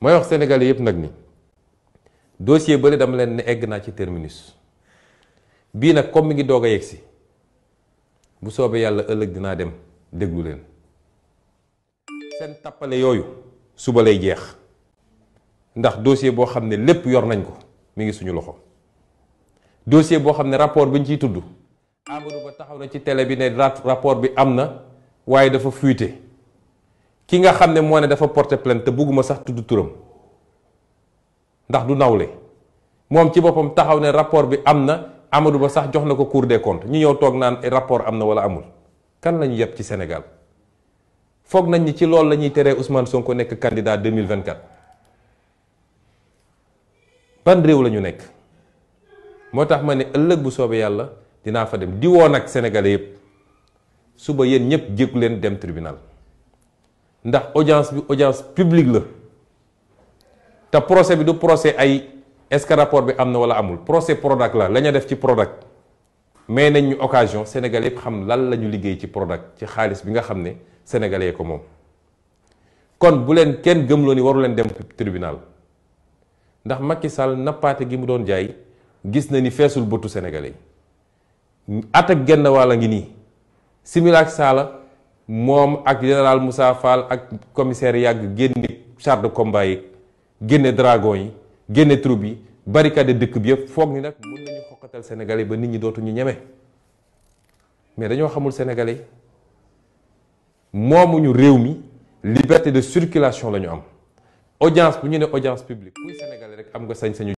mooy wax sénégalais yëpp nag ni dossier bële dama leen ne egg naa ci terminus bii nag comme mi ngi doog a yegg si bu soobee yàlla ëllëg dinaa dem déglu leen seen tappale yooyu suba lay jeex ndax dossier boo xam ne lépp yor nañ ko mi ngi suñu loxo dossier boo xam ne rapport bi ñu ciy tudd Amadou Ba taxaw na ci télé bi ne rapport bi am na waaye dafa fuité ki nga xamne mo ne dafa porter plainte te bugguma sax tuddu turam ndax du nawle mom ci bopam taxaw ne rapport bi amna Amadou Ba sax joxnako ko cour des comptes ñu ñëw tok naan eh, rapport amna wala amul kan lañu yeb ci Sénégal fogg nañ ni ci lool lañuy téré Ousmane Sonko nek candidat 2024 ban rew lañu nek. motax mané ëlëk bu soobé yalla dina fa dem di wo nak Sénégalais yëpp suba yeen ñëpp jégu leen dem tribunal ndax audience bi audience publique la te procès bi du procès ay est-ce que rapport bi am na wala amul procès Prodac la la ñu def ci Prodac mais nañ ñu occasion Sénégal yëpp xam lan lañu liggéey ci Prodac ci xaalis bi nga xam ne sénégalais ko moom kon bu leen kenn gëmloo ni waru leen dem tribunal ndax Macky Sall nappaate gi mu doon jaay gis na ni feesul bëtu sénégalais at ak genn wàll ngi nii simila saala mom ak général Moussa Fall ak commissaire Yag génné char de combat yi génné dragon yi génné troupe yi barricade deuk bi yëpp foog ni nag mën nañu xokatal sénégalais ba nit ñi dootu ñu ñëmé mais dañu xamul sénégalais momu ñu réew mi liberté de circulation lañu am audience bu ñu né audience publique kuy sénégalais rek am nga sañ-sañu.